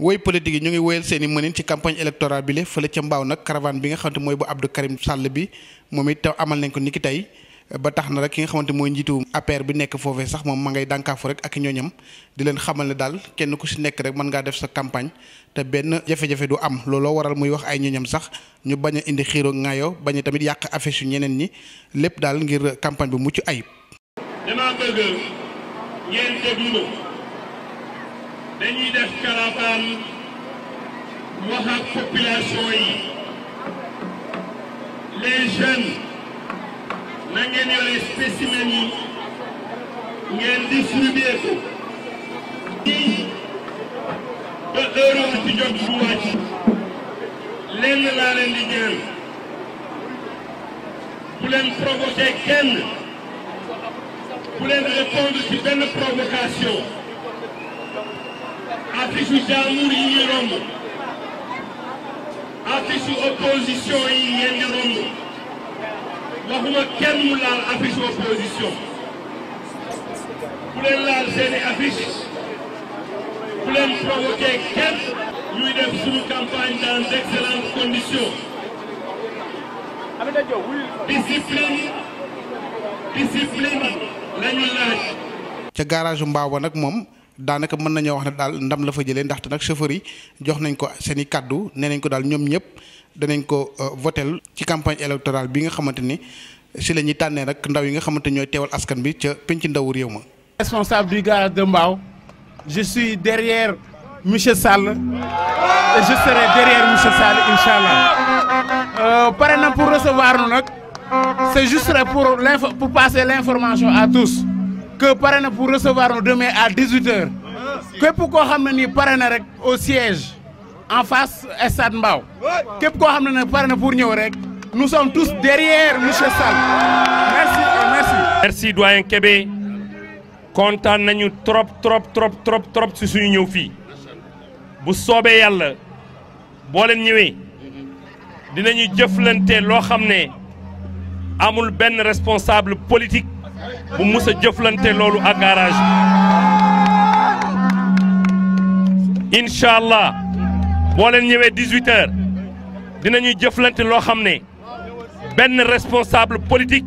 woy politique yi ñu ngi woyal seen i mënin ci campagne électorale bi le fële ca mbaaw nag caravane bi nga xamante mooy bu Abdou Karim Sall bi moom it taw amal nañ ko niki tey ba tax na rek ki nga xamante mooy njiitu APR bi nekk foofee sax moom ma ngay dànkaafu rek ak ñooñam di leen xamal ne daal kenn ku ci nekk rek mën ngaa def sa campagne te benn jafe-jafe du am looloo waral muy wax ay ñooñam sax ñu bañ a indi xiiroo ŋaayoo bañ tamit yàq affaire yu ñeneen ñi lépp daal ngir campagne bi mucc ayib. dañuy def caravane wax ak yi les jeunes na ngeen yore spécimen yi ngeen distribuer ko i ba heure wu jot bu wàcc lenn laa leen di ñaan bu leen provoquer kenn bu leen répondre ci benn provocation affiche amour ici, ñuy romb affiche opposition yi ngeen di romb waxuma kenn mu laal affiche opposition vous leen la seeni affiche provoquer leen provoquer Nous ñuy def une campagne dans d'excellentes conditions discipline discipline lañu C'est ca garage Mbao nag mom danaka mën nañu wax ne daal ndam la fa jëlee ndaxte nag chauffeur yi jox nañ ko seen i kàddu nee nañ ko daal ñoom ñëpp danañ ko euh, votel ci campagne électorale bi nga xamante ni si la ñuy tànnee nag ndaw yi nga xamante ñooy teewal askan bi ca penc ndawu réew ma. responsable du garage de Mbao je suis derrière monsieur Sall et je serai derrière monsieur Sall incha allah euh, pare na pour recevoir nu nag c'est juste pour pour passer l'information à tous que parrain pour recevoir nous demain à 18h Que pourquoi ramener ni au siège en face stade Mbao Que pourquoi ni pour ñew nous sommes tous derrière monsieur Sall merci merci. merci doyen Kébé Content nañu trop trop trop trop trop ci suñu ñew trop, bu trop, Yalla trop, trop, ñewé dinañu amul responsable politique bu mus a jëflante ak garage Inshallah, bo len ñëwé 18h dinañu jëflante lo xamné ne responsable politique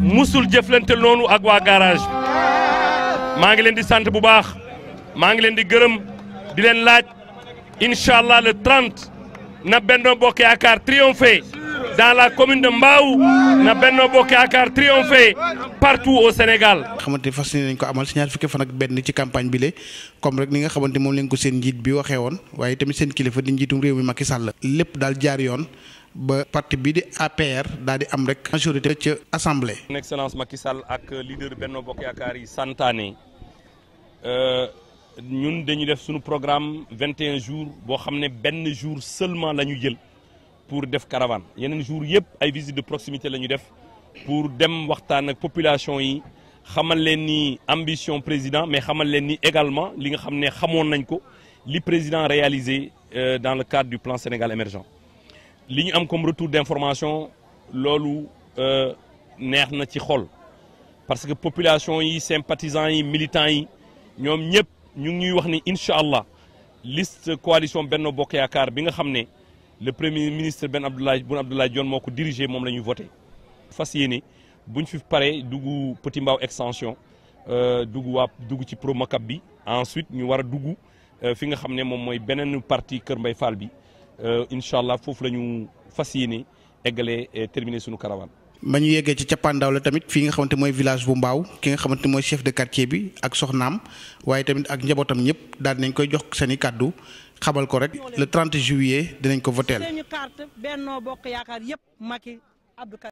musul jëflante nonu ak wa garage ma ngi len di sant bu baax ma ngi len di gëreum di len laaj inshallah le 30 na Benno Bokk Yaakaar triomphé dans la commune de Mbaou, na Benno Bokk Yaakaar triomphé partout au Sénégal. xamante fas ñu ko amal ci ñaar fukki fan ak benn ci campagne bi lé comme rek ni nga xamanté mom leen ko seen njit bi waxé won wayé tamit seen kilifa di njitum réew mi Macky Sall. lépp dal jaar yoon ba parti bi di APR dal di am rek majorité ci assemblée. son excellence Macky Sall ak leader Benno Bokk Yaakaar yi santané euh ñun dañu def suñu programme 21 jours boo xam ne benn jour seulement la jël pour def caravane yeneen jour yep ay visite de proximité la def pour dem waxtan ak population yi xamal ni ambition président mais xamal également li nga xamné xamone président réalisé euh, dans le cadre du plan Sénégal émergent Nous avons am retour d'information euh neex na ci xol parce que population yi sympathisants yi militants yi ñom ñep ñu ngi wax ni inshallah liste coalition Benno Bokk Yaakaar bi nga le premier ministre Ben Abdallah Boun Abdoulaye Dione moko diriger mom moom voter ñuy fas buñ fi paré Petit mbaw extension euh, dugg waa dugg ci Promocap bi ensuite ñu wara a dugg euh, fi nga xamné mom moy benen parti Keur Mbay Fall bi euh inshallah fofu lañu fas terminer suñu caravane ba ñu yeggee ci cappaandaw la tamit fii nga xamante mooy village bu mbaaw ki nga xamante mooy chef de quartier bi ak soxnaam waaye tamit ak njabootam ñëpp daal dinañ koy jox seen kàddu xabal ko rek le 30 juillet dinañ ko voteel